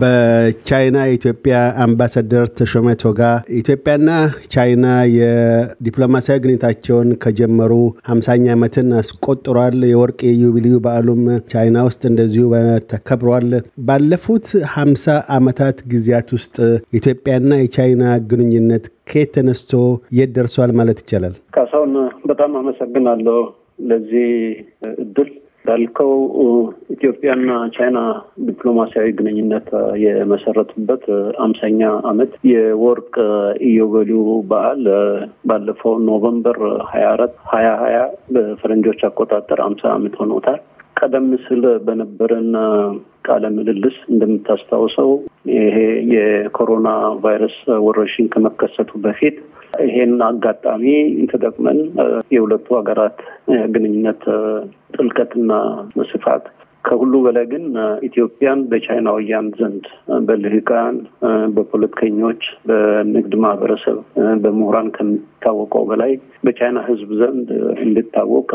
በቻይና የኢትዮጵያ አምባሳደር ተሾመ ቶጋ ኢትዮጵያና ቻይና የዲፕሎማሲያዊ ግንኙነታቸውን ከጀመሩ ሀምሳኛ ዓመትን አስቆጥሯል። የወርቅ የዩቢልዩ በዓሉም ቻይና ውስጥ እንደዚሁ ተከብሯል። ባለፉት ሀምሳ ዓመታት ጊዜያት ውስጥ ኢትዮጵያና የቻይና ግንኙነት ከየት ተነስቶ የት ደርሷል ማለት ይቻላል? ካሳውን በጣም አመሰግናለሁ ለዚህ እድል እንዳልከው ኢትዮጵያና ቻይና ዲፕሎማሲያዊ ግንኙነት የመሰረቱበት አምሳኛ አመት የወርቅ ኢዮቤልዩ በዓል ባለፈው ኖቨምበር ሀያ አራት ሀያ ሀያ በፈረንጆች አቆጣጠር አምሳ ዓመት ሆኖታል። ቀደም ሲል በነበረን ቃለ ምልልስ እንደምታስታውሰው ይሄ የኮሮና ቫይረስ ወረርሽኝ ከመከሰቱ በፊት ይሄን አጋጣሚ ተጠቅመን የሁለቱ ሀገራት ግንኙነት ጥልቀትና ስፋት ከሁሉ በላይ ግን ኢትዮጵያን በቻይናውያን ዘንድ በልህቃን፣ በፖለቲከኞች፣ በንግድ ማህበረሰብ፣ በምሁራን ከሚታወቀው በላይ በቻይና ሕዝብ ዘንድ እንድታወቅ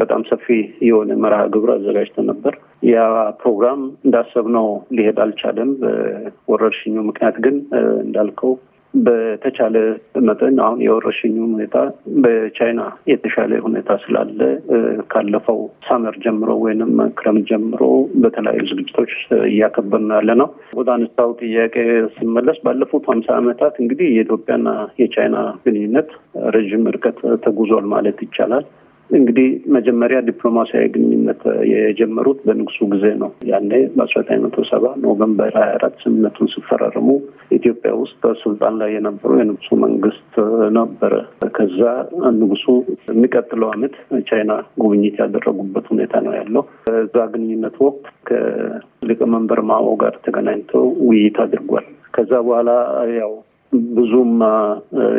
በጣም ሰፊ የሆነ መርሃ ግብር አዘጋጅተ ነበር። ያ ፕሮግራም እንዳሰብነው ሊሄድ አልቻለም። በወረርሽኙ ምክንያት ግን እንዳልከው በተቻለ መጠን አሁን የወረሽኙ ሁኔታ በቻይና የተሻለ ሁኔታ ስላለ ካለፈው ሳመር ጀምሮ ወይንም ክረምት ጀምሮ በተለያዩ ዝግጅቶች እያከበርን ያለ ነው። ወደ አነሳው ጥያቄ ስመለስ ባለፉት ሀምሳ ዓመታት እንግዲህ የኢትዮጵያና የቻይና ግንኙነት ረዥም ርቀት ተጉዟል ማለት ይቻላል። እንግዲህ መጀመሪያ ዲፕሎማሲያዊ ግንኙነት የጀመሩት በንጉሱ ጊዜ ነው። ያኔ በአስራ ዘጠኝ መቶ ሰባ ኖቨምበር ሀያ አራት ስምምነቱን ስፈራረሙ ኢትዮጵያ ውስጥ በስልጣን ላይ የነበሩ የንጉሱ መንግስት ነበረ። ከዛ ንጉሱ የሚቀጥለው አመት ቻይና ጉብኝት ያደረጉበት ሁኔታ ነው ያለው። በዛ ግንኙነት ወቅት ከሊቀመንበር ማኦ ጋር ተገናኝተው ውይይት አድርጓል። ከዛ በኋላ ያው ብዙም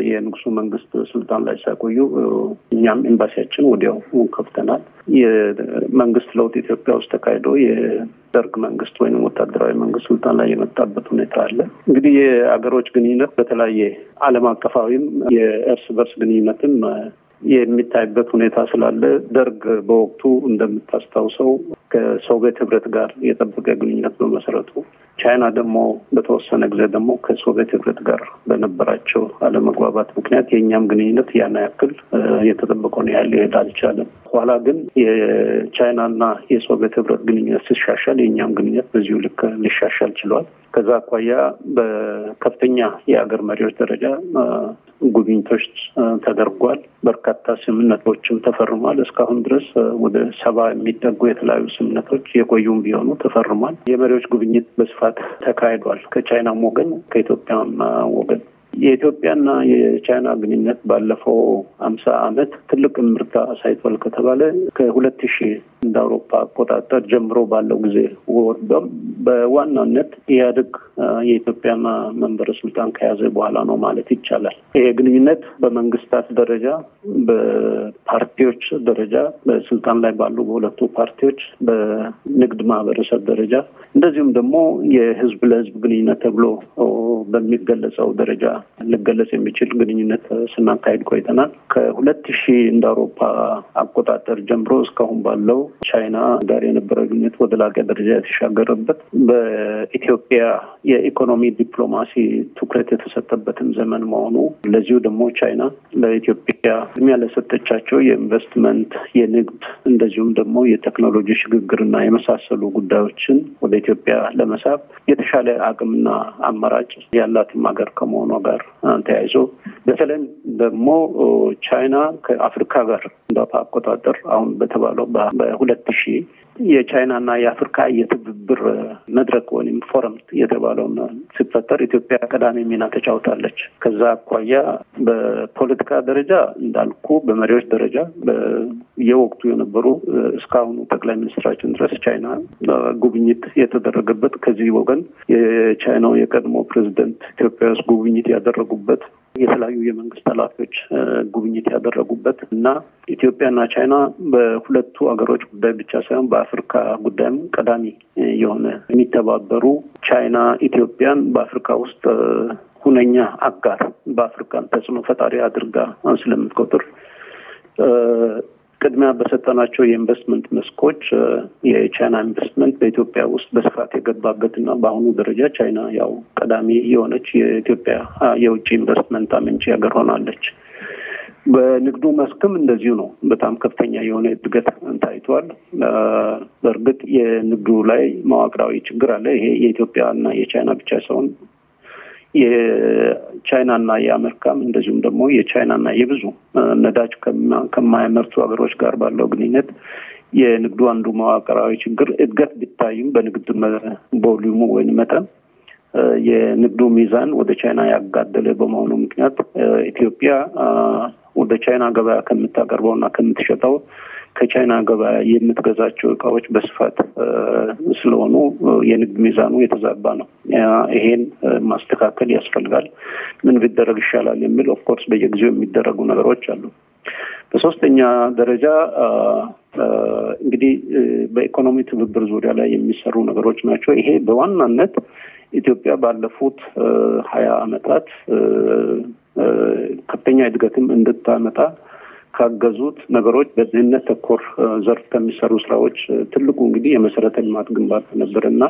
የንጉሱ መንግስት ስልጣን ላይ ሳይቆዩ እኛም ኤምባሲያችን ወዲያው ከፍተናል። የመንግስት ለውጥ ኢትዮጵያ ውስጥ ተካሂዶ የደርግ መንግስት ወይም ወታደራዊ መንግስት ስልጣን ላይ የመጣበት ሁኔታ አለ። እንግዲህ የአገሮች ግንኙነት በተለያየ ዓለም አቀፋዊም የእርስ በርስ ግንኙነትም የሚታይበት ሁኔታ ስላለ ደርግ በወቅቱ እንደምታስታውሰው ከሶቪየት ህብረት ጋር የጠበቀ ግንኙነት በመሰረቱ ቻይና ደግሞ በተወሰነ ጊዜ ደግሞ ከሶቪየት ህብረት ጋር በነበራቸው አለመግባባት ምክንያት የእኛም ግንኙነት ያን ያክል የተጠበቀውን ያህል ሊሄድ አልቻለም። ኋላ ግን የቻይናና የሶቪየት ህብረት ግንኙነት ሲሻሻል የእኛም ግንኙነት በዚሁ ልክ ሊሻሻል ችሏል። ከዛ አኳያ በከፍተኛ የሀገር መሪዎች ደረጃ ጉብኝቶች ተደርጓል። በርካታ ስምምነቶችም ተፈርሟል። እስካሁን ድረስ ወደ ሰባ የሚጠጉ የተለያዩ ስምምነቶች የቆዩም ቢሆኑ ተፈርሟል። የመሪዎች ጉብኝት በስፋት ተካሂዷል። ከቻይናም ወገን ከኢትዮጵያም ወገን የኢትዮጵያና የቻይና ግንኙነት ባለፈው አምሳ አመት ትልቅ ምርታ አሳይቷል ከተባለ ከሁለት ሺህ እንደ አውሮፓ አቆጣጠር ጀምሮ ባለው ጊዜ ወርዶም በዋናነት ኢህአዴግ የኢትዮጵያና መንበረ ስልጣን ከያዘ በኋላ ነው ማለት ይቻላል። ይሄ ግንኙነት በመንግስታት ደረጃ፣ በፓርቲዎች ደረጃ፣ በስልጣን ላይ ባሉ በሁለቱ ፓርቲዎች፣ በንግድ ማህበረሰብ ደረጃ እንደዚሁም ደግሞ የህዝብ ለህዝብ ግንኙነት ተብሎ በሚገለጸው ደረጃ ልገለጽ የሚችል ግንኙነት ስናካሄድ ቆይተናል። ከሁለት ሺህ እንደ አውሮፓ አቆጣጠር ጀምሮ እስካሁን ባለው ቻይና ጋር የነበረ ግንኙነት ወደ ላቀ ደረጃ የተሻገረበት በኢትዮጵያ የኢኮኖሚ ዲፕሎማሲ ትኩረት የተሰጠበትም ዘመን መሆኑ ለዚሁ ደግሞ ቻይና ለኢትዮጵያ ቅድሚያ ለሰጠቻቸው የኢንቨስትመንት፣ የንግድ እንደዚሁም ደግሞ የቴክኖሎጂ ሽግግርና የመሳሰሉ ጉዳዮችን ወደ ኢትዮጵያ ለመሳብ የተሻለ አቅምና አማራጭ ያላትም ሀገር ከመሆኗ ጋር ጋር ተያይዞ በተለይም ደግሞ ቻይና ከአፍሪካ ጋር በአውሮፓ አቆጣጠር አሁን በተባለው በሁለት ሺህ የቻይናና የአፍሪካ የትብብር መድረክ ወይም ፎረም የተባለውን ሲፈጠር ኢትዮጵያ ቀዳሚ ሚና ተጫውታለች። ከዛ አኳያ በፖለቲካ ደረጃ እንዳልኩ፣ በመሪዎች ደረጃ የወቅቱ የነበሩ እስካሁኑ ጠቅላይ ሚኒስትራችን ድረስ ቻይና ጉብኝት የተደረገበት ከዚህ ወገን የቻይናው የቀድሞ ፕሬዚደንት ኢትዮጵያ ውስጥ ጉብኝት ያደረጉበት የተለያዩ የመንግስት ኃላፊዎች ጉብኝት ያደረጉበት እና ኢትዮጵያና ቻይና በሁለቱ አገሮች ጉዳይ ብቻ ሳይሆን በአፍሪካ ጉዳይም ቀዳሚ የሆነ የሚተባበሩ ቻይና ኢትዮጵያን በአፍሪካ ውስጥ ሁነኛ አጋር በአፍሪካን ተጽዕኖ ፈጣሪ አድርጋ ስለምትቆጥር ቅድሚያ በሰጠናቸው የኢንቨስትመንት መስኮች የቻይና ኢንቨስትመንት በኢትዮጵያ ውስጥ በስፋት የገባበትና በአሁኑ ደረጃ ቻይና ያው ቀዳሚ የሆነች የኢትዮጵያ የውጭ ኢንቨስትመንት አመንጪ ሀገር ሆናለች። በንግዱ መስክም እንደዚሁ ነው። በጣም ከፍተኛ የሆነ እድገት ታይቷል። በእርግጥ የንግዱ ላይ መዋቅራዊ ችግር አለ። ይሄ የኢትዮጵያ እና የቻይና ብቻ ሳይሆን የቻይናና የአሜሪካም እንደዚሁም ደግሞ የቻይናና የብዙ ነዳጅ ከማያመርቱ ሀገሮች ጋር ባለው ግንኙነት የንግዱ አንዱ መዋቅራዊ ችግር እድገት ቢታይም በንግድ ቮሊሙ ወይም መጠን የንግዱ ሚዛን ወደ ቻይና ያጋደለ በመሆኑ ምክንያት ኢትዮጵያ ወደ ቻይና ገበያ ከምታቀርበውና ከምትሸጠው ከቻይና ገበያ የምትገዛቸው እቃዎች በስፋት ስለሆኑ የንግድ ሚዛኑ የተዛባ ነው። ይሄን ማስተካከል ያስፈልጋል። ምን ቢደረግ ይሻላል የሚል ኦፍኮርስ በየጊዜው የሚደረጉ ነገሮች አሉ። በሶስተኛ ደረጃ እንግዲህ በኢኮኖሚ ትብብር ዙሪያ ላይ የሚሰሩ ነገሮች ናቸው። ይሄ በዋናነት ኢትዮጵያ ባለፉት ሀያ ዓመታት ከፍተኛ እድገትም እንድታመጣ ካገዙት ነገሮች በድህነት ተኮር ዘርፍ ከሚሰሩ ስራዎች ትልቁ እንግዲህ የመሰረተ ልማት ግንባታ ነበር እና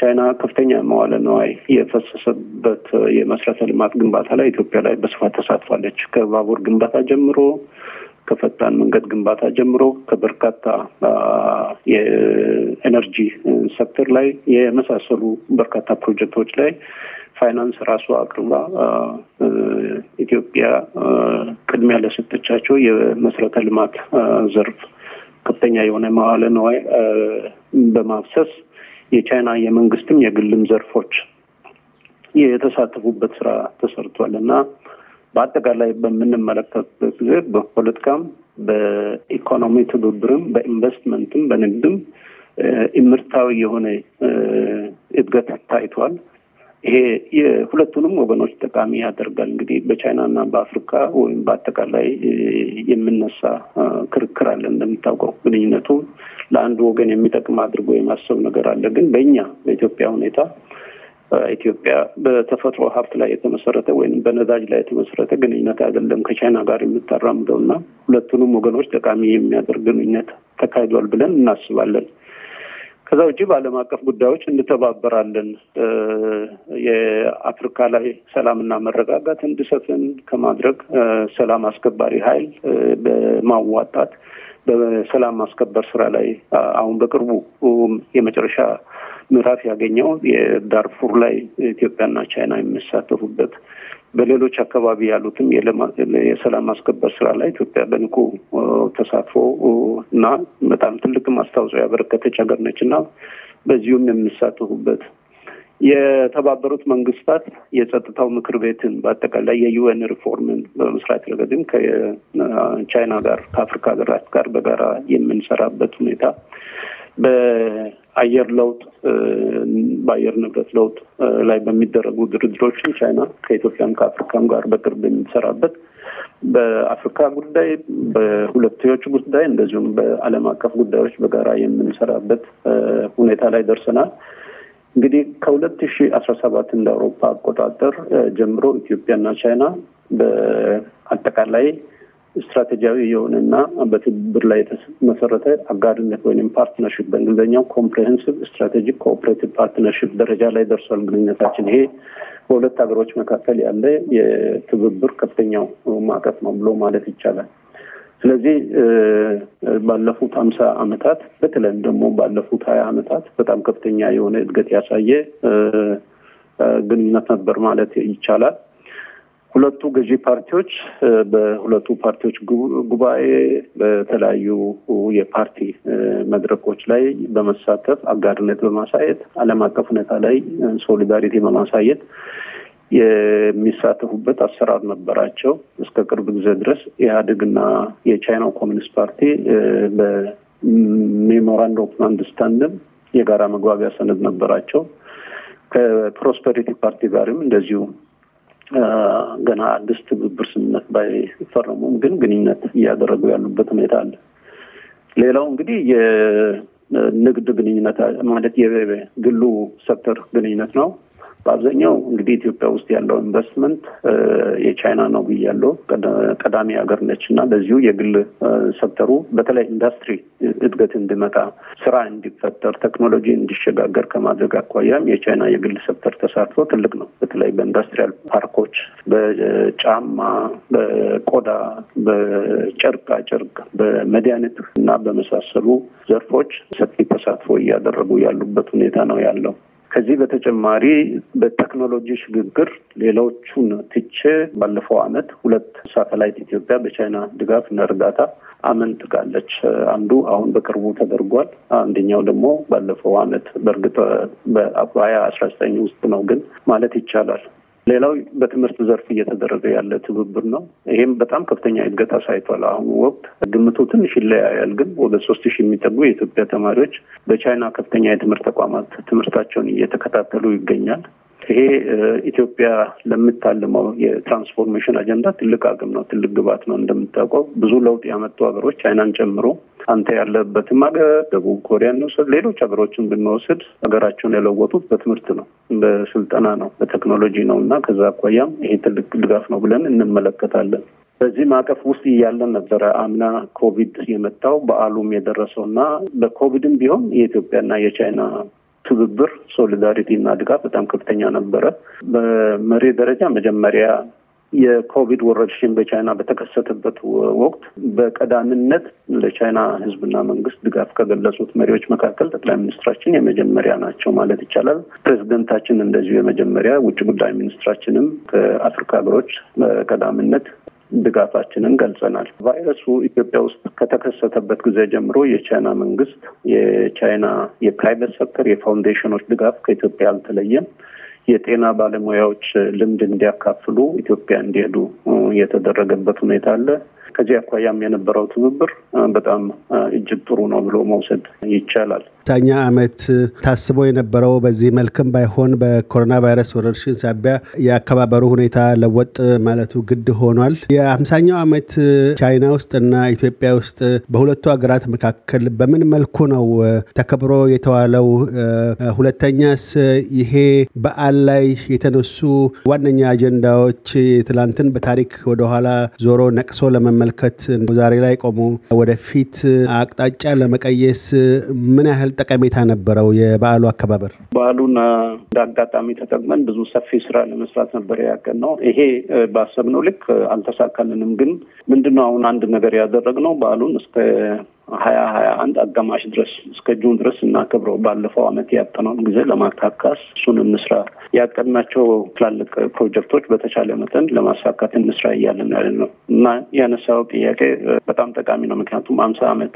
ቻይና ከፍተኛ መዋለ ነዋይ የፈሰሰበት የመሰረተ ልማት ግንባታ ላይ ኢትዮጵያ ላይ በስፋት ተሳትፋለች። ከባቡር ግንባታ ጀምሮ ከፈጣን መንገድ ግንባታ ጀምሮ ከበርካታ የኤነርጂ ሴክተር ላይ የመሳሰሉ በርካታ ፕሮጀክቶች ላይ ፋይናንስ ራሱ አቅርባ ኢትዮጵያ ቅድሚያ ለሰጠቻቸው የመሰረተ ልማት ዘርፍ ከፍተኛ የሆነ መዋለ ነዋይ በማፍሰስ የቻይና የመንግስትም የግልም ዘርፎች የተሳተፉበት ስራ ተሰርቷል እና በአጠቃላይ በምንመለከትበት ጊዜ በፖለቲካም፣ በኢኮኖሚ ትብብርም፣ በኢንቨስትመንትም፣ በንግድም ምርታዊ የሆነ እድገት ታይቷል። ይሄ የሁለቱንም ወገኖች ጠቃሚ ያደርጋል። እንግዲህ በቻይናና በአፍሪካ ወይም በአጠቃላይ የምነሳ ክርክር አለ። እንደሚታወቀው ግንኙነቱ ለአንድ ወገን የሚጠቅም አድርጎ የማሰብ ነገር አለ። ግን በእኛ በኢትዮጵያ ሁኔታ ኢትዮጵያ በተፈጥሮ ሀብት ላይ የተመሰረተ ወይም በነዳጅ ላይ የተመሰረተ ግንኙነት አይደለም ከቻይና ጋር የምታራምደው እና ሁለቱንም ወገኖች ጠቃሚ የሚያደርግ ግንኙነት ተካሂዷል ብለን እናስባለን። ከዛ ውጭ በዓለም አቀፍ ጉዳዮች እንተባበራለን። የአፍሪካ ላይ ሰላምና መረጋጋት እንዲሰፍን ከማድረግ ሰላም አስከባሪ ኃይል በማዋጣት በሰላም ማስከበር ስራ ላይ አሁን በቅርቡ የመጨረሻ ምዕራፍ ያገኘው የዳርፉር ላይ ኢትዮጵያና ቻይና የሚሳተፉበት በሌሎች አካባቢ ያሉትም የሰላም ማስከበር ስራ ላይ ኢትዮጵያ በንቁ ተሳትፎ እና በጣም ትልቅም አስተዋጽኦ ያበረከተች ሀገር ነች እና በዚሁም የምሳተፉበት የተባበሩት መንግስታት የጸጥታው ምክር ቤትን በአጠቃላይ የዩኤን ሪፎርምን በመስራት ረገድም ከቻይና ጋር ከአፍሪካ ሀገራት ጋር በጋራ የምንሰራበት ሁኔታ አየር ለውጥ በአየር ንብረት ለውጥ ላይ በሚደረጉ ድርድሮችን ቻይና ከኢትዮጵያም ከአፍሪካም ጋር በቅርብ የሚሰራበት በአፍሪካ ጉዳይ፣ በሁለትዮሽ ጉዳይ እንደዚሁም በዓለም አቀፍ ጉዳዮች በጋራ የምንሰራበት ሁኔታ ላይ ደርሰናል። እንግዲህ ከሁለት ሺ አስራ ሰባት እንደ አውሮፓ አቆጣጠር ጀምሮ ኢትዮጵያና ቻይና በአጠቃላይ ስትራቴጂያዊ የሆነና በትብብር ላይ የተመሰረተ አጋርነት ወይም ፓርትነርሽፕ በእንግሊዝኛው ኮምፕሬሄንሲቭ ስትራቴጂክ ኮኦፕሬቲቭ ፓርትነርሽፕ ደረጃ ላይ ደርሷል ግንኙነታችን። ይሄ በሁለት ሀገሮች መካከል ያለ የትብብር ከፍተኛው ማዕቀፍ ነው ብሎ ማለት ይቻላል። ስለዚህ ባለፉት አምሳ ዓመታት በተለይም ደግሞ ባለፉት ሀያ ዓመታት በጣም ከፍተኛ የሆነ እድገት ያሳየ ግንኙነት ነበር ማለት ይቻላል። ሁለቱ ገዢ ፓርቲዎች በሁለቱ ፓርቲዎች ጉባኤ በተለያዩ የፓርቲ መድረኮች ላይ በመሳተፍ አጋርነት በማሳየት ዓለም አቀፍ ሁኔታ ላይ ሶሊዳሪቲ በማሳየት የሚሳተፉበት አሰራር ነበራቸው። እስከ ቅርብ ጊዜ ድረስ ኢህአዴግና የቻይና ኮሚኒስት ፓርቲ በሜሞራንድ ኦፍ አንደርስታንዲንግ የጋራ መግባቢያ ሰነድ ነበራቸው። ከፕሮስፐሪቲ ፓርቲ ጋርም እንደዚሁ ገና አዲስ ትብብር ስምምነት ባይፈረሙም ግን ግንኙነት እያደረጉ ያሉበት ሁኔታ አለ። ሌላው እንግዲህ የንግድ ግንኙነት ማለት የግሉ ሰክተር ግንኙነት ነው። በአብዛኛው እንግዲህ ኢትዮጵያ ውስጥ ያለው ኢንቨስትመንት የቻይና ነው ብያለሁ። ቀዳሚ ሀገር ነች እና በዚሁ የግል ሰክተሩ በተለይ ኢንዱስትሪ እድገት እንዲመጣ፣ ስራ እንዲፈጠር፣ ቴክኖሎጂ እንዲሸጋገር ከማድረግ አኳያም የቻይና የግል ሰክተር ተሳትፎ ትልቅ ነው። በተለይ በኢንዱስትሪያል ፓርኮች፣ በጫማ፣ በቆዳ፣ በጨርቃ ጨርቅ፣ በመድኃኒት እና በመሳሰሉ ዘርፎች ሰፊ ተሳትፎ እያደረጉ ያሉበት ሁኔታ ነው ያለው። ከዚህ በተጨማሪ በቴክኖሎጂ ሽግግር ሌሎቹን ትቼ ባለፈው አመት ሁለት ሳተላይት ኢትዮጵያ በቻይና ድጋፍ እና እርዳታ አመንጥቃለች። አንዱ አሁን በቅርቡ ተደርጓል። አንደኛው ደግሞ ባለፈው አመት በእርግጥ በአባያ አስራ ዘጠኝ ውስጥ ነው ግን ማለት ይቻላል ሌላው በትምህርት ዘርፍ እየተደረገ ያለ ትብብር ነው። ይሄም በጣም ከፍተኛ እድገት አሳይቷል። አሁኑ ወቅት ግምቱ ትንሽ ይለያያል፣ ግን ወደ ሶስት ሺህ የሚጠጉ የኢትዮጵያ ተማሪዎች በቻይና ከፍተኛ የትምህርት ተቋማት ትምህርታቸውን እየተከታተሉ ይገኛል። ይሄ ኢትዮጵያ ለምታልመው የትራንስፎርሜሽን አጀንዳ ትልቅ አቅም ነው፣ ትልቅ ግብዓት ነው። እንደምታውቀው ብዙ ለውጥ ያመጡ ሀገሮች ቻይናን ጨምሮ አንተ ያለበትም ሀገር ደቡብ ኮሪያ እንውሰድ፣ ሌሎች ሀገሮችን ብንወስድ ሀገራቸውን የለወጡት በትምህርት ነው፣ በስልጠና ነው፣ በቴክኖሎጂ ነው እና ከዛ አኳያም ይሄ ትልቅ ድጋፍ ነው ብለን እንመለከታለን። በዚህ ማዕቀፍ ውስጥ እያለን ነበረ አምና ኮቪድ የመጣው በዓሉም የደረሰው እና በኮቪድም ቢሆን የኢትዮጵያና የቻይና ትብብር፣ ሶሊዳሪቲ እና ድጋፍ በጣም ከፍተኛ ነበረ። በመሪ ደረጃ መጀመሪያ የኮቪድ ወረርሽኝ በቻይና በተከሰተበት ወቅት በቀዳሚነት ለቻይና ሕዝብና መንግስት ድጋፍ ከገለጹት መሪዎች መካከል ጠቅላይ ሚኒስትራችን የመጀመሪያ ናቸው ማለት ይቻላል። ፕሬዚደንታችን እንደዚሁ የመጀመሪያ፣ ውጭ ጉዳይ ሚኒስትራችንም ከአፍሪካ ሀገሮች በቀዳምነት ድጋፋችንን ገልጸናል። ቫይረሱ ኢትዮጵያ ውስጥ ከተከሰተበት ጊዜ ጀምሮ የቻይና መንግስት የቻይና የፕራይቬት ሴክተር የፋውንዴሽኖች ድጋፍ ከኢትዮጵያ አልተለየም። የጤና ባለሙያዎች ልምድ እንዲያካፍሉ ኢትዮጵያ እንዲሄዱ የተደረገበት ሁኔታ አለ። ከዚህ አኳያም የነበረው ትብብር በጣም እጅግ ጥሩ ነው ብሎ መውሰድ ይቻላል። ሁለተኛ ዓመት ታስቦ የነበረው በዚህ መልክም ባይሆን በኮሮና ቫይረስ ወረርሽኝ ሳቢያ የአከባበሩ ሁኔታ ለወጥ ማለቱ ግድ ሆኗል። የአምሳኛው ዓመት ቻይና ውስጥ እና ኢትዮጵያ ውስጥ በሁለቱ ሀገራት መካከል በምን መልኩ ነው ተከብሮ የተዋለው? ሁለተኛስ ይሄ በዓል ላይ የተነሱ ዋነኛ አጀንዳዎች ትላንትን በታሪክ ወደኋላ ዞሮ ነቅሶ ለመመልከት ዛሬ ላይ ቆሞ ወደፊት አቅጣጫ ለመቀየስ ምን ያህል ጠቀሜታ ነበረው የበዓሉ አከባበር? በዓሉን እንደ አጋጣሚ ተጠቅመን ብዙ ሰፊ ስራ ለመስራት ነበር ያቀን ነው። ይሄ ባሰብነው ልክ አልተሳካልንም። ግን ምንድነው አሁን አንድ ነገር ያደረግነው በዓሉን እስከ ሀያ ሀያ አንድ አጋማሽ ድረስ እስከ ጁን ድረስ እናከብረው። ባለፈው አመት ያጠነውን ጊዜ ለማካካስ እሱን እንስራ። ያቀድናቸው ትላልቅ ፕሮጀክቶች በተቻለ መጠን ለማሳካት እንስራ እያለን ያለ ነው እና ያነሳው ጥያቄ በጣም ጠቃሚ ነው። ምክንያቱም አምሳ አመት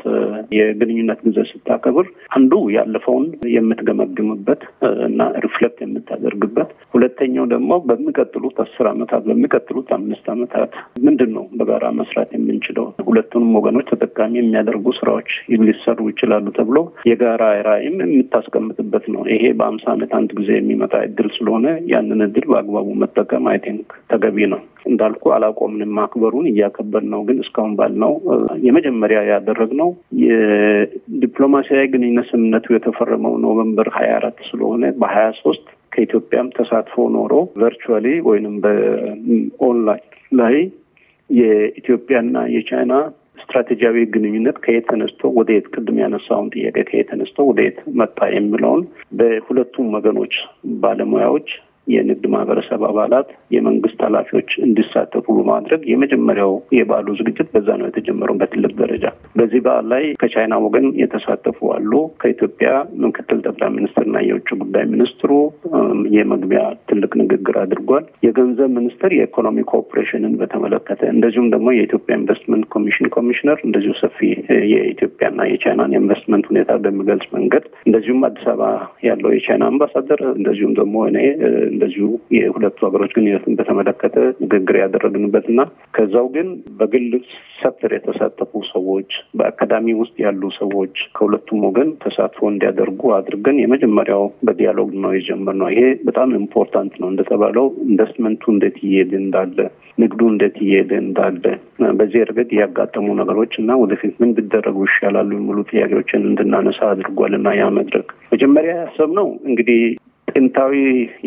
የግንኙነት ጊዜ ስታከብር አንዱ ያለፈውን የምትገመግምበት እና ሪፍሌክት የምታደርግበት፣ ሁለተኛው ደግሞ በሚቀጥሉት አስር አመታት በሚቀጥሉት አምስት አመታት ምንድን ነው በጋራ መስራት የምንችለው ሁለቱንም ወገኖች ተጠቃሚ የሚያደርጉ ስራዎች ሊሰሩ ይችላሉ ተብሎ የጋራ ራዕይም የምታስቀምጥበት ነው። ይሄ በአምሳ ዓመት አንድ ጊዜ የሚመጣ እድል ስለሆነ ያንን እድል በአግባቡ መጠቀም አይ ቲንክ ተገቢ ነው። እንዳልኩ አላቆምንም፣ ማክበሩን እያከበር ነው። ግን እስካሁን ባልነው የመጀመሪያ ያደረግነው የዲፕሎማሲያዊ ግንኙነት ስምምነቱ የተፈረመው ኖቨምበር ሀያ አራት ስለሆነ በሀያ ሶስት ከኢትዮጵያም ተሳትፎ ኖሮ ቨርቹዋሊ ወይንም በኦንላይን ላይ የኢትዮጵያና የቻይና ስትራቴጂያዊ ግንኙነት ከየት ተነስቶ ወደ የት ቅድም ያነሳውን ጥያቄ ከየት ተነስቶ ወደ የት መጣ የሚለውን በሁለቱም ወገኖች ባለሙያዎች የንግድ ማህበረሰብ አባላት፣ የመንግስት ኃላፊዎች እንዲሳተፉ በማድረግ የመጀመሪያው የበዓሉ ዝግጅት በዛ ነው የተጀመረው በትልቅ ደረጃ። በዚህ በዓል ላይ ከቻይና ወገን የተሳተፉ አሉ። ከኢትዮጵያ ምክትል ጠቅላይ ሚኒስትርና የውጭ ጉዳይ ሚኒስትሩ የመግቢያ ትልቅ ንግግር አድርጓል። የገንዘብ ሚኒስትር የኢኮኖሚ ኮኦፕሬሽንን በተመለከተ እንደዚሁም ደግሞ የኢትዮጵያ ኢንቨስትመንት ኮሚሽን ኮሚሽነር እንደዚሁ ሰፊ የኢትዮጵያና የቻይናን ኢንቨስትመንት ሁኔታ በሚገልጽ መንገድ እንደዚሁም አዲስ አበባ ያለው የቻይና አምባሳደር እንደዚሁም ደግሞ እኔ እንደዚሁ የሁለቱ ሀገሮች ግንኙነትን በተመለከተ ንግግር ያደረግንበት እና ከዛው ግን በግል ሰክተር የተሳተፉ ሰዎች በአካዳሚ ውስጥ ያሉ ሰዎች ከሁለቱም ወገን ተሳትፎ እንዲያደርጉ አድርገን የመጀመሪያው በዲያሎግ ነው የጀመርነው። ይሄ በጣም ኢምፖርታንት ነው። እንደተባለው ኢንቨስትመንቱ እንዴት እየሄደ እንዳለ፣ ንግዱ እንዴት እየሄደ እንዳለ፣ በዚህ ረገድ ያጋጠሙ ነገሮች እና ወደፊት ምን ቢደረጉ ይሻላሉ የሚሉ ጥያቄዎችን እንድናነሳ አድርጓል እና ያ መድረክ መጀመሪያ ያሰብነው እንግዲህ ጥንታዊ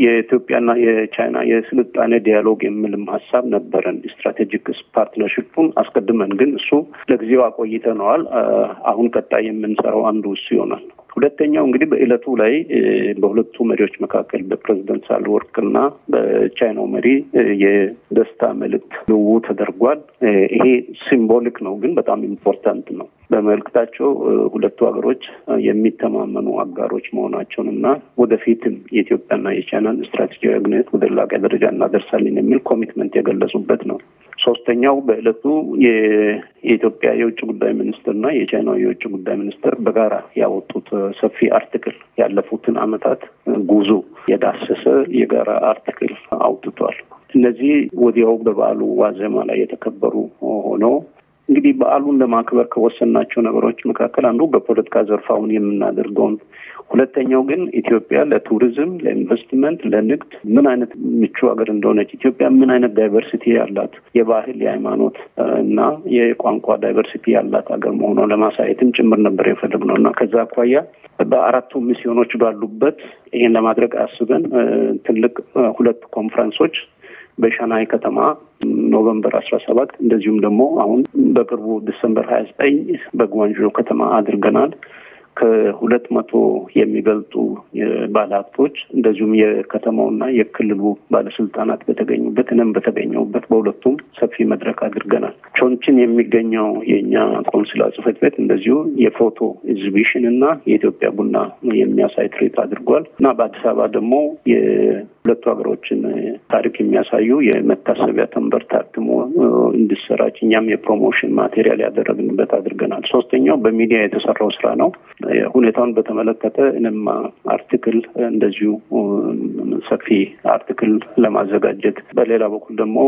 የኢትዮጵያና የቻይና የስልጣኔ ዲያሎግ የሚልም ሀሳብ ነበረን። ስትራቴጂክ ፓርትነርሽፑን አስቀድመን ግን እሱ ለጊዜው አቆይተነዋል። አሁን ቀጣይ የምንሰራው አንዱ እሱ ይሆናል። ሁለተኛው እንግዲህ በእለቱ ላይ በሁለቱ መሪዎች መካከል በፕሬዚደንት ሳህለወርቅና በቻይናው መሪ የደስታ መልእክት ልውው ተደርጓል። ይሄ ሲምቦሊክ ነው፣ ግን በጣም ኢምፖርታንት ነው። በመልክታቸው ሁለቱ ሀገሮች የሚተማመኑ አጋሮች መሆናቸውን እና ወደፊትም የኢትዮጵያና የቻይናን ስትራቴጂያዊ ግንኙነት ወደ ላቀ ደረጃ እናደርሳለን የሚል ኮሚትመንት የገለጹበት ነው። ሶስተኛው በእለቱ የኢትዮጵያ የውጭ ጉዳይ ሚኒስትር የቻይና የውጭ ጉዳይ ሚኒስትር በጋራ ያወጡት ሰፊ አርቲክል ያለፉትን አመታት ጉዞ የዳሰሰ የጋራ አርቲክል አውጥቷል። እነዚህ ወዲያው በበዓሉ ዋዜማ ላይ የተከበሩ ሆነው እንግዲህ በዓሉን ለማክበር ከወሰናቸው ነገሮች መካከል አንዱ በፖለቲካ ዘርፍ አሁን የምናደርገውን፣ ሁለተኛው ግን ኢትዮጵያ ለቱሪዝም፣ ለኢንቨስትመንት፣ ለንግድ ምን አይነት ምቹ ሀገር እንደሆነች ኢትዮጵያ ምን አይነት ዳይቨርሲቲ ያላት የባህል የሃይማኖት እና የቋንቋ ዳይቨርሲቲ ያላት ሀገር መሆኗን ለማሳየትም ጭምር ነበር ነው እና ከዛ አኳያ በአራቱ ሚስዮኖች ባሉበት ይህን ለማድረግ አስበን ትልቅ ሁለት ኮንፈረንሶች በሸናይ ከተማ ኖቨምበር አስራ ሰባት እንደዚሁም ደግሞ አሁን በቅርቡ ዲሰምበር ሀያ ዘጠኝ በጓንዦ ከተማ አድርገናል። ከሁለት መቶ የሚበልጡ ባለሀብቶች እንደዚሁም የከተማውና የክልሉ ባለስልጣናት በተገኙበት እኔም በተገኘሁበት በሁለቱም ሰፊ መድረክ አድርገናል። ቾንችን የሚገኘው የእኛ ቆንስላ ጽሕፈት ቤት እንደዚሁ የፎቶ ኤግዚቢሽን እና የኢትዮጵያ ቡና የሚያሳይ ትርኢት አድርጓል እና በአዲስ አበባ ደግሞ ሁለቱ ሀገሮችን ታሪክ የሚያሳዩ የመታሰቢያ ተንበር ታትሞ እንዲሰራጭ እኛም የፕሮሞሽን ማቴሪያል ያደረግንበት አድርገናል። ሶስተኛው በሚዲያ የተሰራው ስራ ነው። ሁኔታውን በተመለከተ እኔም አርቲክል እንደዚሁ ሰፊ አርቲክል ለማዘጋጀት በሌላ በኩል ደግሞ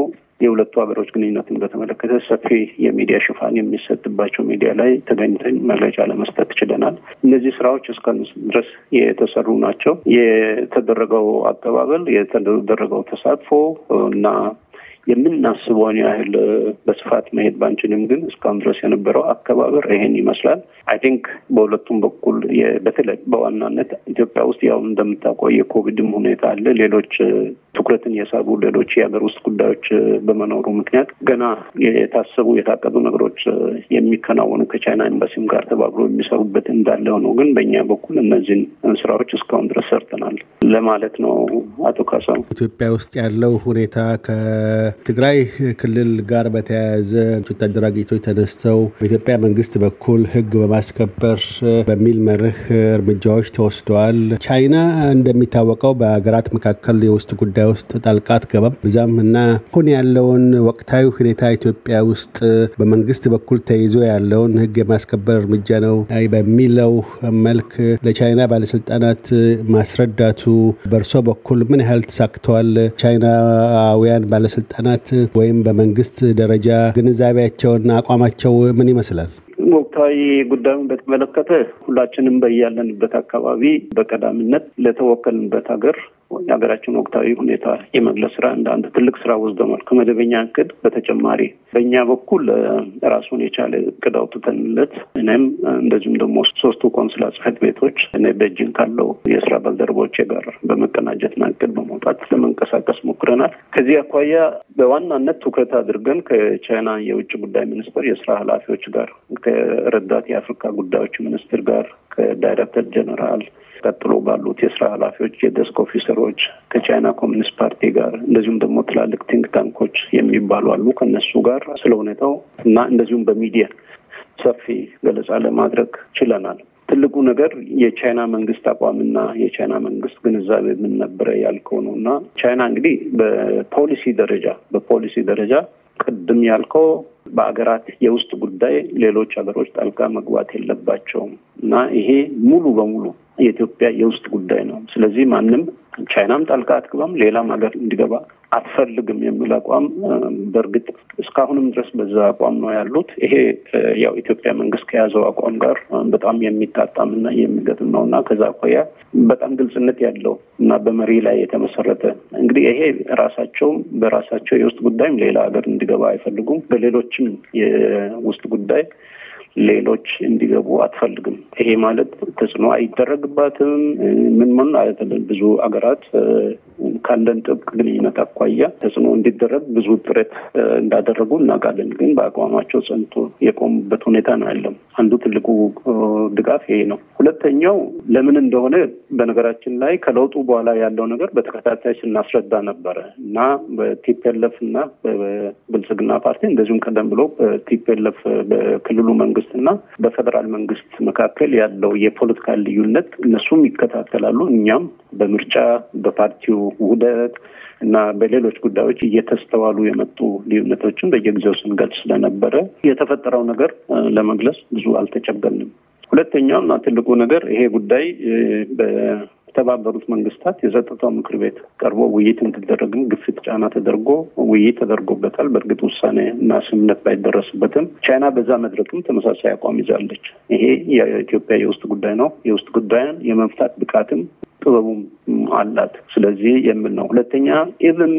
የሁለቱ ሀገሮች ግንኙነትን በተመለከተ ሰፊ የሚዲያ ሽፋን የሚሰጥባቸው ሚዲያ ላይ ተገኝተን መረጃ ለመስጠት ችለናል። እነዚህ ስራዎች እስከ ድረስ የተሰሩ ናቸው። የተደረገው አቀባበል፣ የተደረገው ተሳትፎ እና የምናስበውን ያህል በስፋት መሄድ ባንችልም ግን እስካሁን ድረስ የነበረው አከባበር ይሄን ይመስላል። አይ ቲንክ በሁለቱም በኩል በተለይ በዋናነት ኢትዮጵያ ውስጥ ያው እንደምታውቀው የኮቪድም ሁኔታ አለ። ሌሎች ትኩረትን የሳቡ ሌሎች የሀገር ውስጥ ጉዳዮች በመኖሩ ምክንያት ገና የታሰቡ የታቀዱ ነገሮች የሚከናወኑ ከቻይና ኤምባሲም ጋር ተባብሮ የሚሰሩበት እንዳለ ሆኖ ግን በእኛ በኩል እነዚህን ስራዎች እስካሁን ድረስ ሰርተናል ለማለት ነው። አቶ ካሳ ኢትዮጵያ ውስጥ ያለው ሁኔታ ከ ከትግራይ ክልል ጋር በተያያዘ ወታደራዊ ግጭቶች ተነስተው በኢትዮጵያ መንግስት በኩል ህግ በማስከበር በሚል መርህ እርምጃዎች ተወስደዋል። ቻይና እንደሚታወቀው በሀገራት መካከል የውስጥ ጉዳይ ውስጥ ጣልቃ አትገባም ብዛም እና አሁን ያለውን ወቅታዊ ሁኔታ ኢትዮጵያ ውስጥ በመንግስት በኩል ተይዞ ያለውን ህግ የማስከበር እርምጃ ነው በሚለው መልክ ለቻይና ባለስልጣናት ማስረዳቱ በእርሶ በኩል ምን ያህል ተሳክተዋል? ቻይናውያን ባለስልጣናት ባለስልጣናት ወይም በመንግስት ደረጃ ግንዛቤያቸውና አቋማቸው ምን ይመስላል? ወቅታዊ ጉዳዩን በተመለከተ ሁላችንም በያለንበት አካባቢ በቀዳሚነት ለተወከልንበት ሀገር የሀገራችን ወቅታዊ ሁኔታ የመግለጽ ስራ እንደ አንድ ትልቅ ስራ ወስደናል። ከመደበኛ እቅድ በተጨማሪ በእኛ በኩል ራሱን የቻለ እቅድ አውጥተንለት እኔም እንደዚሁም ደግሞ ሶስቱ ቆንስላ ጽህፈት ቤቶች እኔ በእጅን ካለው የስራ ባልደረቦቼ ጋር በመቀናጀትና እቅድ በመውጣት ለመንቀሳቀስ ሞክረናል። ከዚህ አኳያ በዋናነት ትኩረት አድርገን ከቻይና የውጭ ጉዳይ ሚኒስትር የስራ ኃላፊዎች ጋር ከረዳት የአፍሪካ ጉዳዮች ሚኒስትር ጋር ከዳይሬክተር ጀነራል ቀጥሎ ባሉት የስራ ኃላፊዎች፣ የደስክ ኦፊሰሮች ከቻይና ኮሚኒስት ፓርቲ ጋር እንደዚሁም ደግሞ ትላልቅ ቲንክ ታንኮች የሚባሉ አሉ ከነሱ ጋር ስለ ሁኔታው እና እንደዚሁም በሚዲያ ሰፊ ገለጻ ለማድረግ ችለናል። ትልቁ ነገር የቻይና መንግስት አቋምና የቻይና መንግስት ግንዛቤ ምን ነበረ ያልከው ነው እና ቻይና እንግዲህ በፖሊሲ ደረጃ በፖሊሲ ደረጃ ቅድም ያልከው በአገራት የውስጥ ጉዳይ ሌሎች ሀገሮች ጣልቃ መግባት የለባቸውም እና ይሄ ሙሉ በሙሉ የኢትዮጵያ የውስጥ ጉዳይ ነው። ስለዚህ ማንም ቻይናም ጣልቃ አትግባም፣ ሌላም ሀገር እንዲገባ አትፈልግም የሚል አቋም በእርግጥ እስካሁንም ድረስ በዛ አቋም ነው ያሉት። ይሄ ያው ኢትዮጵያ መንግስት ከያዘው አቋም ጋር በጣም የሚጣጣም እና የሚገጥም ነው እና ከዛ አኳያ በጣም ግልጽነት ያለው እና በመሪ ላይ የተመሰረተ እንግዲህ ይሄ ራሳቸውም በራሳቸው የውስጥ ጉዳይም ሌላ ሀገር እንዲገባ አይፈልጉም። በሌሎች ሌሎችም የውስጥ ጉዳይ ሌሎች እንዲገቡ አትፈልግም። ይሄ ማለት ተጽዕኖ አይደረግባትም። ምን ምን ብዙ አገራት ካለን ጥብቅ ግንኙነት አኳያ ተጽዕኖ እንዲደረግ ብዙ ጥረት እንዳደረጉ እናውቃለን። ግን በአቋማቸው ጸንቶ የቆሙበት ሁኔታ ነው ያለው። አንዱ ትልቁ ድጋፍ ይሄ ነው። ሁለተኛው ለምን እንደሆነ በነገራችን ላይ ከለውጡ በኋላ ያለው ነገር በተከታታይ ስናስረዳ ነበረ እና በቲፒኤልኤፍ እና በብልጽግና ፓርቲ እንደዚሁም ቀደም ብሎ በቲፒኤልኤፍ በክልሉ መንግስት መንግስት እና በፌዴራል መንግስት መካከል ያለው የፖለቲካ ልዩነት እነሱም ይከታተላሉ። እኛም በምርጫ በፓርቲው ውህደት እና በሌሎች ጉዳዮች እየተስተዋሉ የመጡ ልዩነቶችን በየጊዜው ስንገልጽ ስለነበረ የተፈጠረው ነገር ለመግለጽ ብዙ አልተቸገርንም። ሁለተኛውና ትልቁ ነገር ይሄ ጉዳይ የተባበሩት መንግስታት የጸጥታው ምክር ቤት ቀርቦ ውይይት እንዲደረግም ግፊት ጫና ተደርጎ ውይይት ተደርጎበታል። በእርግጥ ውሳኔ እና ስምምነት ባይደረስበትም ቻይና በዛ መድረክም ተመሳሳይ አቋም ይዛለች። ይሄ የኢትዮጵያ የውስጥ ጉዳይ ነው። የውስጥ ጉዳይን የመፍታት ብቃትም ጥበቡም አላት። ስለዚህ የሚል ነው። ሁለተኛ ኢቨን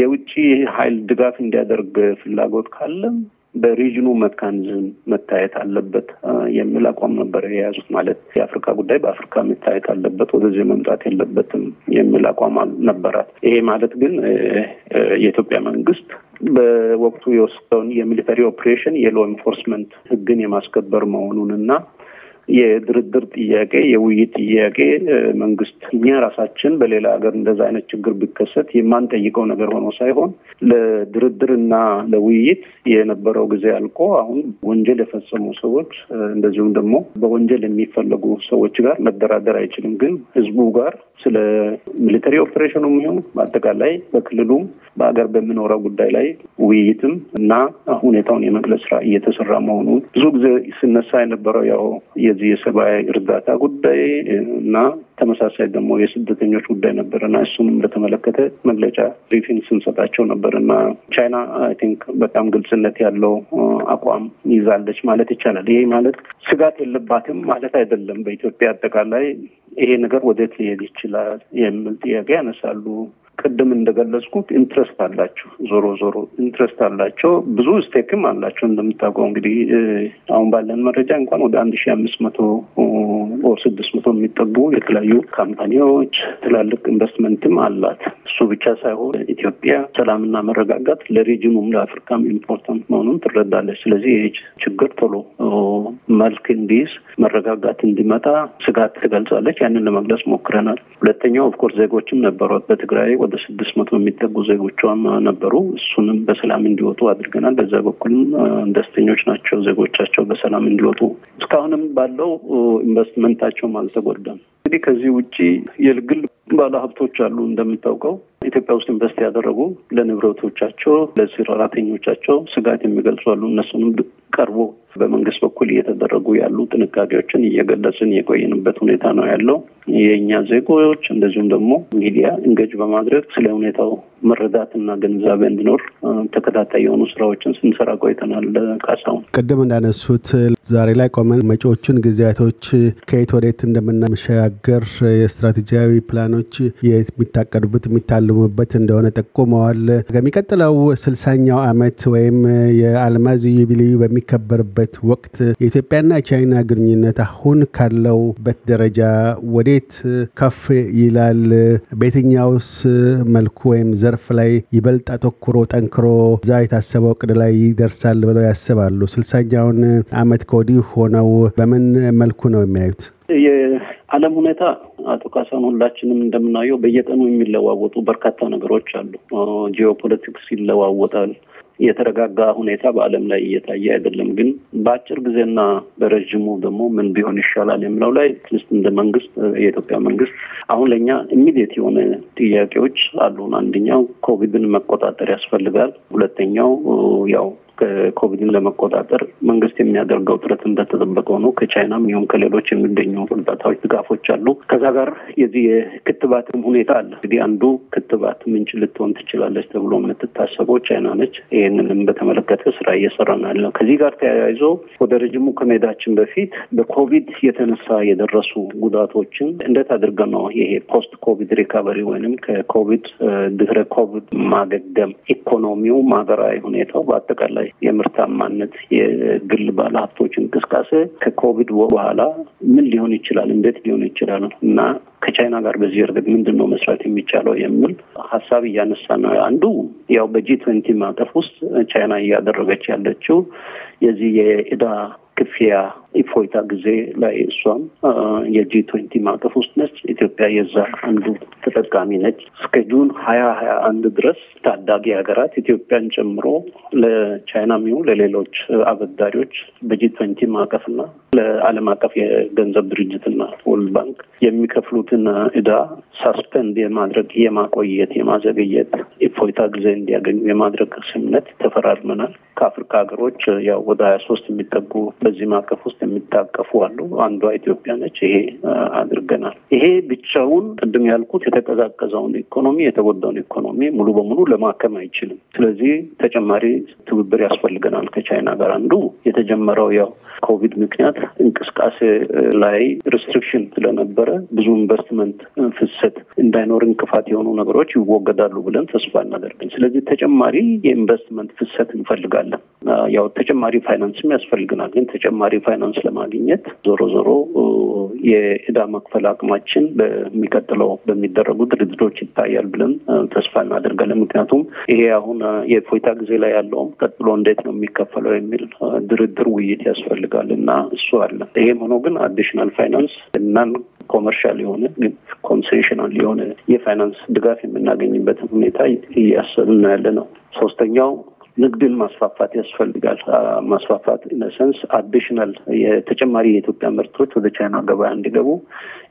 የውጭ ኃይል ድጋፍ እንዲያደርግ ፍላጎት ካለም በሪጅኑ መካኒዝም መታየት አለበት የሚል አቋም ነበር የያዙት። ማለት የአፍሪካ ጉዳይ በአፍሪካ መታየት አለበት፣ ወደዚህ መምጣት የለበትም የሚል አቋም ነበራት። ይሄ ማለት ግን የኢትዮጵያ መንግስት በወቅቱ የወሰደውን የሚሊተሪ ኦፕሬሽን የሎ ኢንፎርስመንት ህግን የማስከበር መሆኑን እና የድርድር ጥያቄ፣ የውይይት ጥያቄ መንግስት እኛ ራሳችን በሌላ ሀገር እንደዛ አይነት ችግር ቢከሰት የማንጠይቀው ነገር ሆኖ ሳይሆን ለድርድር እና ለውይይት የነበረው ጊዜ አልቆ አሁን ወንጀል የፈጸሙ ሰዎች እንደዚሁም ደግሞ በወንጀል የሚፈለጉ ሰዎች ጋር መደራደር አይችልም፣ ግን ህዝቡ ጋር ስለ ሚሊተሪ ኦፕሬሽኑ የሚሆን በአጠቃላይ በክልሉም በሀገር በምኖረው ጉዳይ ላይ ውይይትም እና ሁኔታውን የመግለጽ ስራ እየተሰራ መሆኑን ብዙ ጊዜ ስነሳ የነበረው ያው የዚህ የሰብአዊ እርዳታ ጉዳይ እና ተመሳሳይ ደግሞ የስደተኞች ጉዳይ ነበር እና እሱንም በተመለከተ መግለጫ ብሪፊንግ ስንሰጣቸው ነበር እና ቻይና አይ ቲንክ በጣም ግልጽነት ያለው አቋም ይዛለች ማለት ይቻላል። ይሄ ማለት ስጋት የለባትም ማለት አይደለም። በኢትዮጵያ አጠቃላይ ይሄ ነገር ወዴት ሊሄድ ይችላል የሚል ጥያቄ ያነሳሉ። ቅድም እንደገለጽኩት ኢንትረስት አላቸው። ዞሮ ዞሮ ኢንትረስት አላቸው። ብዙ ስቴክም አላቸው። እንደምታውቀው እንግዲህ አሁን ባለን መረጃ እንኳን ወደ አንድ ሺ አምስት መቶ ስድስት መቶ የሚጠጉ የተለያዩ ካምፓኒዎች ትላልቅ ኢንቨስትመንትም አላት። እሱ ብቻ ሳይሆን ኢትዮጵያ ሰላምና መረጋጋት ለሪጅኑም ለአፍሪካም ኢምፖርታንት መሆኑን ትረዳለች። ስለዚህ ይህ ችግር ቶሎ መልክ እንዲይዝ መረጋጋት እንዲመጣ ስጋት ትገልጻለች። ያንን ለመግለጽ ሞክረናል። ሁለተኛው ኦፍኮርስ ዜጎችም ነበሯት በትግራይ ወደ ስድስት መቶ የሚጠጉ ዜጎቿ ነበሩ። እሱንም በሰላም እንዲወጡ አድርገናል። በዛ በኩልም ደስተኞች ናቸው። ዜጎቻቸው በሰላም እንዲወጡ እስካሁንም ባለው ኢንቨስትመንታቸውም አልተጎዳም። እንግዲህ ከዚህ ውጭ ባለ ባለሀብቶች አሉ። እንደምታውቀው ኢትዮጵያ ውስጥ ኢንቨስት ያደረጉ ለንብረቶቻቸው፣ ለሰራተኞቻቸው ስጋት የሚገልጹ አሉ። እነሱንም ቀርቦ በመንግስት በኩል እየተደረጉ ያሉ ጥንቃቄዎችን እየገለጽን የቆየንበት ሁኔታ ነው ያለው። የእኛ ዜጎች እንደዚሁም ደግሞ ሚዲያ እንገጅ በማድረግ ስለ ሁኔታው መረዳትና ግንዛቤ እንዲኖር ተከታታይ የሆኑ ስራዎችን ስንሰራ ቆይተናል። ካሳሁን ቅድም እንዳነሱት ዛሬ ላይ ቆመን መጪዎቹን ጊዜያቶች ከየት ወዴት እንደምናመሸጋገር የስትራቴጂያዊ ፕላኖች የሚታቀዱበት የሚታልሙበት እንደሆነ ጠቁመዋል። ከሚቀጥለው ስልሳኛው አመት ወይም የአልማዝ ዩቢሊዩ በሚ በሚከበርበት ወቅት የኢትዮጵያና ቻይና ግንኙነት አሁን ካለውበት ደረጃ ወዴት ከፍ ይላል? በየትኛውስ መልኩ ወይም ዘርፍ ላይ ይበልጥ አተኩሮ ጠንክሮ እዛ የታሰበው እቅድ ላይ ይደርሳል ብለው ያስባሉ? ስልሳኛውን አመት ከወዲህ ሆነው በምን መልኩ ነው የሚያዩት? የዓለም ሁኔታ አቶ ካሳን ሁላችንም እንደምናየው በየቀኑ የሚለዋወጡ በርካታ ነገሮች አሉ። ጂኦፖለቲክስ ይለዋወጣል። የተረጋጋ ሁኔታ በዓለም ላይ እየታየ አይደለም። ግን በአጭር ጊዜና በረዥሙ ደግሞ ምን ቢሆን ይሻላል የምለው ላይ ትንስት እንደ መንግስት የኢትዮጵያ መንግስት አሁን ለእኛ ኢሚዲየት የሆነ ጥያቄዎች አሉን። አንደኛው ኮቪድን መቆጣጠር ያስፈልጋል። ሁለተኛው ያው ከኮቪድን ለመቆጣጠር መንግስት የሚያደርገው ጥረት እንደተጠበቀው ነው። ከቻይናም ይሁን ከሌሎች የሚገኙ እርዳታዎች፣ ድጋፎች አሉ። ከዛ ጋር የዚህ የክትባትም ሁኔታ አለ። እንግዲህ አንዱ ክትባት ምንጭ ልትሆን ትችላለች ተብሎ የምትታሰበው ቻይና ነች። ይህንንም በተመለከተ ስራ እየሰራ ነው ያለው። ከዚህ ጋር ተያይዞ ወደ ረጅሙ ከመሄዳችን በፊት በኮቪድ የተነሳ የደረሱ ጉዳቶችን እንዴት አድርገ ነው ይሄ ፖስት ኮቪድ ሪካቨሪ ወይንም ከኮቪድ ድህረ ኮቪድ ማገገም ኢኮኖሚው፣ ማህበራዊ ሁኔታው በአጠቃላይ የምርታማነት የግል ባለሀብቶች እንቅስቃሴ ከኮቪድ በኋላ ምን ሊሆን ይችላል፣ እንዴት ሊሆን ይችላል እና ከቻይና ጋር በዚህ እርግጥ ምንድን ነው መስራት የሚቻለው የሚል ሀሳብ እያነሳ ነው። አንዱ ያው በጂ ትዌንቲ ማዕቀፍ ውስጥ ቻይና እያደረገች ያለችው የዚህ የዕዳ ክፍያ የፎይታ ጊዜ ላይ እሷም የጂ ትዌንቲ ማዕቀፍ ውስጥ ነች። ኢትዮጵያ የዛ አንዱ ተጠቃሚ ነች። እስከ ጁን ሀያ ሀያ አንድ ድረስ ታዳጊ ሀገራት ኢትዮጵያን ጨምሮ ለቻይና የሚሆን ለሌሎች አበዳሪዎች በጂ ትዌንቲ ማዕቀፍና ለዓለም አቀፍ የገንዘብ ድርጅትና ወርልድ ባንክ የሚከፍሉትን እዳ ሳስፔንድ የማድረግ የማቆየት፣ የማዘገየት የፎይታ ጊዜ እንዲያገኙ የማድረግ ስምምነት ተፈራርመናል። ከአፍሪካ ሀገሮች ያው ወደ ሀያ ሶስት የሚጠጉ በዚህ ማዕቀፍ ውስጥ ውስጥ የሚታቀፉ አሉ። አንዷ ኢትዮጵያ ነች። ይሄ አድርገናል። ይሄ ብቻውን ቅድም ያልኩት የተቀዛቀዘውን ኢኮኖሚ የተጎዳውን ኢኮኖሚ ሙሉ በሙሉ ለማከም አይችልም። ስለዚህ ተጨማሪ ትብብር ያስፈልገናል ከቻይና ጋር አንዱ የተጀመረው ያው ኮቪድ ምክንያት እንቅስቃሴ ላይ ሪስትሪክሽን ስለነበረ ብዙ ኢንቨስትመንት ፍሰት እንዳይኖር እንቅፋት የሆኑ ነገሮች ይወገዳሉ ብለን ተስፋ እናደርግን። ስለዚህ ተጨማሪ የኢንቨስትመንት ፍሰት እንፈልጋለን። ያው ተጨማሪ ፋይናንስም ያስፈልግናል። ግን ተጨማሪ ፋይናንስ ለማግኘት ዞሮ ዞሮ የእዳ መክፈል አቅማችን በሚቀጥለው በሚደረጉ ድርድሮች ይታያል ብለን ተስፋ እናደርጋለን። ምክንያቱም ይሄ አሁን የእፎይታ ጊዜ ላይ ያለውም ቀጥሎ እንዴት ነው የሚከፈለው የሚል ድርድር ውይይት ያስፈልጋል እና እሱ አለ። ይሄም ሆኖ ግን አዲሽናል ፋይናንስ እናን ኮመርሻል የሆነ ግን ኮንሴሽናል የሆነ የፋይናንስ ድጋፍ የምናገኝበትን ሁኔታ እያሰብን ነው ያለ ነው። ሶስተኛው ንግድን ማስፋፋት ያስፈልጋል። ማስፋፋት ኢነሰንስ አዲሽናል የተጨማሪ የኢትዮጵያ ምርቶች ወደ ቻይና ገበያ እንዲገቡ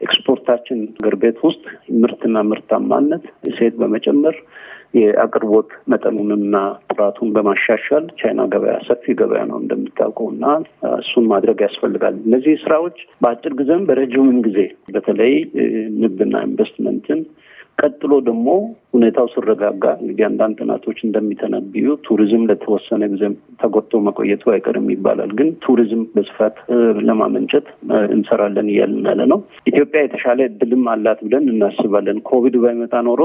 ኤክስፖርታችን አገር ቤት ውስጥ ምርትና ምርታማነት ሴት በመጨመር የአቅርቦት መጠኑንና ጥራቱን በማሻሻል ቻይና ገበያ ሰፊ ገበያ ነው እንደምታውቀው እና እሱን ማድረግ ያስፈልጋል። እነዚህ ስራዎች በአጭር ጊዜም በረጅምም ጊዜ በተለይ ንግድና ኢንቨስትመንትን ቀጥሎ ደግሞ ሁኔታው ስረጋጋ እንግዲህ አንዳንድ ጥናቶች እንደሚተነብዩ ቱሪዝም ለተወሰነ ጊዜ ተጎድቶ መቆየቱ አይቀርም ይባላል። ግን ቱሪዝም በስፋት ለማመንጨት እንሰራለን እያልን ያለ ነው። ኢትዮጵያ የተሻለ እድልም አላት ብለን እናስባለን። ኮቪድ ባይመጣ ኖሮ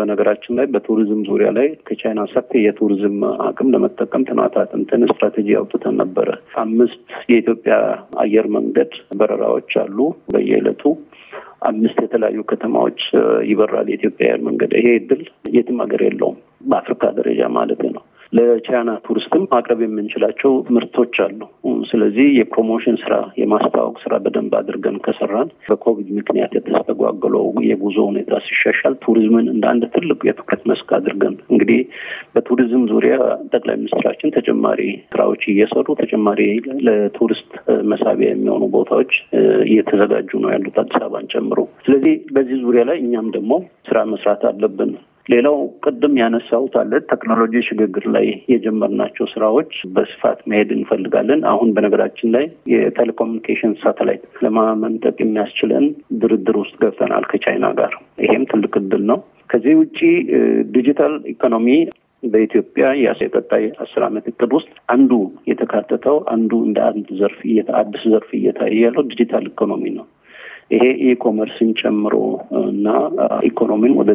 በነገራችን ላይ በቱሪዝም ዙሪያ ላይ ከቻይና ሰፊ የቱሪዝም አቅም ለመጠቀም ጥናት አጥንተን ስትራቴጂ አውጥተን ነበረ። አምስት የኢትዮጵያ አየር መንገድ በረራዎች አሉ በየዕለቱ አምስት የተለያዩ ከተማዎች ይበራል የኢትዮጵያ አየር መንገድ። ይሄ እድል የትም ሀገር የለውም፣ በአፍሪካ ደረጃ ማለት ነው። ለቻይና ቱሪስትም ማቅረብ የምንችላቸው ምርቶች አሉ። ስለዚህ የፕሮሞሽን ስራ የማስተዋወቅ ስራ በደንብ አድርገን ከሰራን በኮቪድ ምክንያት የተስተጓገለው የጉዞ ሁኔታ ሲሻሻል ቱሪዝምን እንደ አንድ ትልቅ የትኩረት መስክ አድርገን እንግዲህ በቱሪዝም ዙሪያ ጠቅላይ ሚኒስትራችን ተጨማሪ ስራዎች እየሰሩ ተጨማሪ ለቱሪስት መሳቢያ የሚሆኑ ቦታዎች እየተዘጋጁ ነው ያሉት አዲስ አበባን ጨምሮ። ስለዚህ በዚህ ዙሪያ ላይ እኛም ደግሞ ስራ መስራት አለብን። ሌላው ቅድም ያነሳሁት አለ ቴክኖሎጂ ሽግግር ላይ የጀመርናቸው ስራዎች በስፋት መሄድ እንፈልጋለን። አሁን በነገራችን ላይ የቴሌኮሙኒኬሽን ሳተላይት ለማመንጠቅ የሚያስችለን ድርድር ውስጥ ገብተናል ከቻይና ጋር። ይሄም ትልቅ እድል ነው። ከዚህ ውጪ ዲጂታል ኢኮኖሚ በኢትዮጵያ የቀጣይ አስር ዓመት እቅድ ውስጥ አንዱ የተካተተው አንዱ እንደ አንድ ዘርፍ አዲስ ዘርፍ እየታየ ያለው ዲጂታል ኢኮኖሚ ነው። ይሄ ኢኮመርስን ጨምሮ እና ኢኮኖሚን ወደ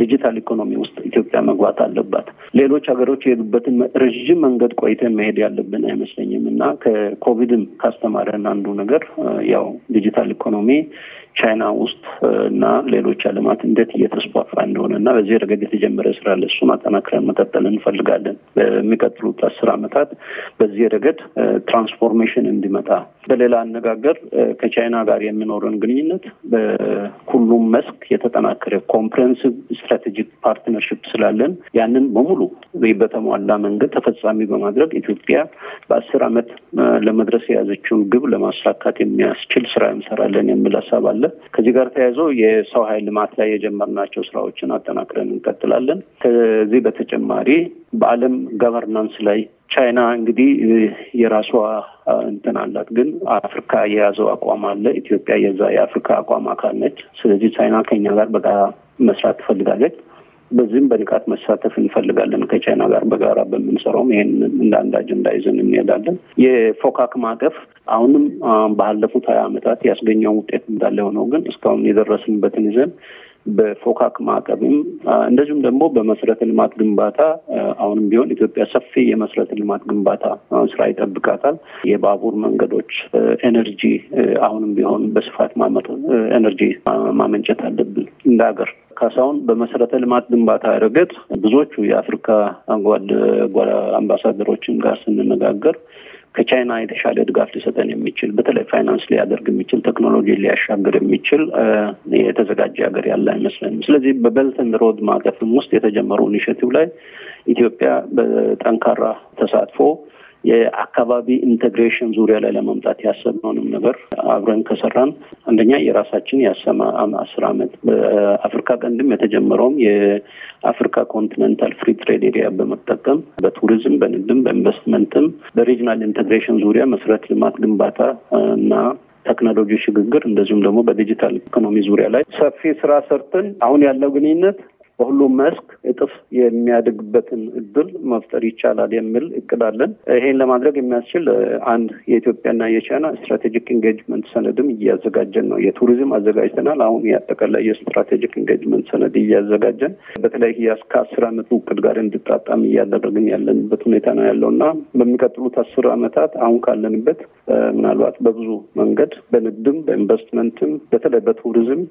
ዲጂታል ኢኮኖሚ ውስጥ ኢትዮጵያ መግባት አለባት። ሌሎች ሀገሮች የሄዱበትን ረዥም መንገድ ቆይተን መሄድ ያለብን አይመስለኝም እና ከኮቪድም ካስተማረን አንዱ ነገር ያው ዲጂታል ኢኮኖሚ ቻይና ውስጥ እና ሌሎች አለማት እንዴት እየተስፋፋ እንደሆነ እና በዚህ ረገድ የተጀመረ ስራ አለ። እሱን አጠናክረን መቀጠል እንፈልጋለን። በሚቀጥሉት አስር ዓመታት በዚህ ረገድ ትራንስፎርሜሽን እንዲመጣ፣ በሌላ አነጋገር ከቻይና ጋር የሚኖረን ግንኙነት በሁሉም መስክ የተጠናከረ ኮምፕሬንሲቭ ስትራቴጂክ ፓርትነርሽፕ ስላለን ያንን በሙሉ በተሟላ መንገድ ተፈጻሚ በማድረግ ኢትዮጵያ በአስር ዓመት ለመድረስ የያዘችውን ግብ ለማሳካት የሚያስችል ስራ እንሰራለን የሚል ሀሳብ አለ። አለ። ከዚህ ጋር ተያይዞ የሰው ኃይል ልማት ላይ የጀመርናቸው ስራዎችን አጠናክረን እንቀጥላለን። ከዚህ በተጨማሪ በዓለም ገቨርናንስ ላይ ቻይና እንግዲህ የራሷ እንትን አላት፣ ግን አፍሪካ የያዘው አቋም አለ። ኢትዮጵያ የዛ የአፍሪካ አቋም አካል ነች። ስለዚህ ቻይና ከኛ ጋር በጋራ መስራት ትፈልጋለች። በዚህም በንቃት መሳተፍ እንፈልጋለን። ከቻይና ጋር በጋራ በምንሰራውም ይህን እንደ አንድ አጀንዳ ይዘን እንሄዳለን። የፎካክ ማዕቀፍ አሁንም ባለፉት ሀያ ዓመታት ያስገኘው ውጤት እንዳለ ሆነው ግን እስካሁን የደረስንበትን ይዘን በፎካክ ማዕቀብም እንደዚሁም ደግሞ በመሰረተ ልማት ግንባታ አሁንም ቢሆን ኢትዮጵያ ሰፊ የመሰረተ ልማት ግንባታ ስራ ይጠብቃታል። የባቡር መንገዶች፣ ኤነርጂ አሁንም ቢሆን በስፋት ማመጡ ኤነርጂ ማመንጨት አለብን እንደ ሀገር። ካሳሁን በመሰረተ ልማት ግንባታ ረገድ ብዙዎቹ የአፍሪካ ጓድ አምባሳደሮችን ጋር ስንነጋገር ከቻይና የተሻለ ድጋፍ ሊሰጠን የሚችል በተለይ ፋይናንስ ሊያደርግ የሚችል ቴክኖሎጂ ሊያሻግር የሚችል የተዘጋጀ ሀገር ያለ አይመስለንም። ስለዚህ በበልተን ሮድ ማዕቀፍም ውስጥ የተጀመረው ኢኒሽቲቭ ላይ ኢትዮጵያ በጠንካራ ተሳትፎ የአካባቢ ኢንቴግሬሽን ዙሪያ ላይ ለመምጣት ያሰብነውንም ነገር አብረን ከሰራን አንደኛ የራሳችን የአሰማ አስር አመት በአፍሪካ ቀንድም የተጀመረውም የአፍሪካ ኮንቲኔንታል ፍሪ ትሬድ ኤሪያ በመጠቀም በቱሪዝም፣ በንግድም፣ በኢንቨስትመንትም በሪጅናል ኢንቴግሬሽን ዙሪያ መሰረተ ልማት ግንባታ እና ቴክኖሎጂ ሽግግር እንደዚሁም ደግሞ በዲጂታል ኢኮኖሚ ዙሪያ ላይ ሰፊ ስራ ሰርተን አሁን ያለው ግንኙነት በሁሉም መስክ እጥፍ የሚያድግበትን እድል መፍጠር ይቻላል የሚል እቅድ አለን። ይሄን ለማድረግ የሚያስችል አንድ የኢትዮጵያና የቻይና ስትራቴጂክ ኢንጌጅመንት ሰነድም እያዘጋጀን ነው። የቱሪዝም አዘጋጅተናል። አሁን ያጠቃላይ የስትራቴጂክ ኢንጌጅመንት ሰነድ እያዘጋጀን በተለይ ከአስር አመቱ እቅድ ጋር እንድጣጣም እያደረግን ያለንበት ሁኔታ ነው ያለው እና በሚቀጥሉት አስር አመታት አሁን ካለንበት ምናልባት በብዙ መንገድ በንግድም፣ በኢንቨስትመንትም፣ በተለይ በቱሪዝም፣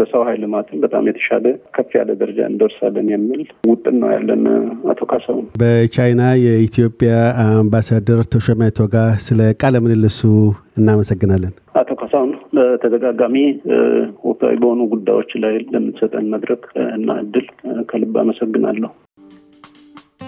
በሰው ሀይል ልማትም በጣም የተሻለ ከፍ ያለ ደረጃ እንደርሳለን የሚል ውጥን ነው ያለን። አቶ ካሳሁን፣ በቻይና የኢትዮጵያ አምባሳደር ተሾመ ቶጋ ስለ ቃለ ምልልሱ እናመሰግናለን። አቶ ካሳሁን፣ በተደጋጋሚ ወቅታዊ በሆኑ ጉዳዮች ላይ ለምትሰጠን መድረክ እና እድል ከልብ አመሰግናለሁ።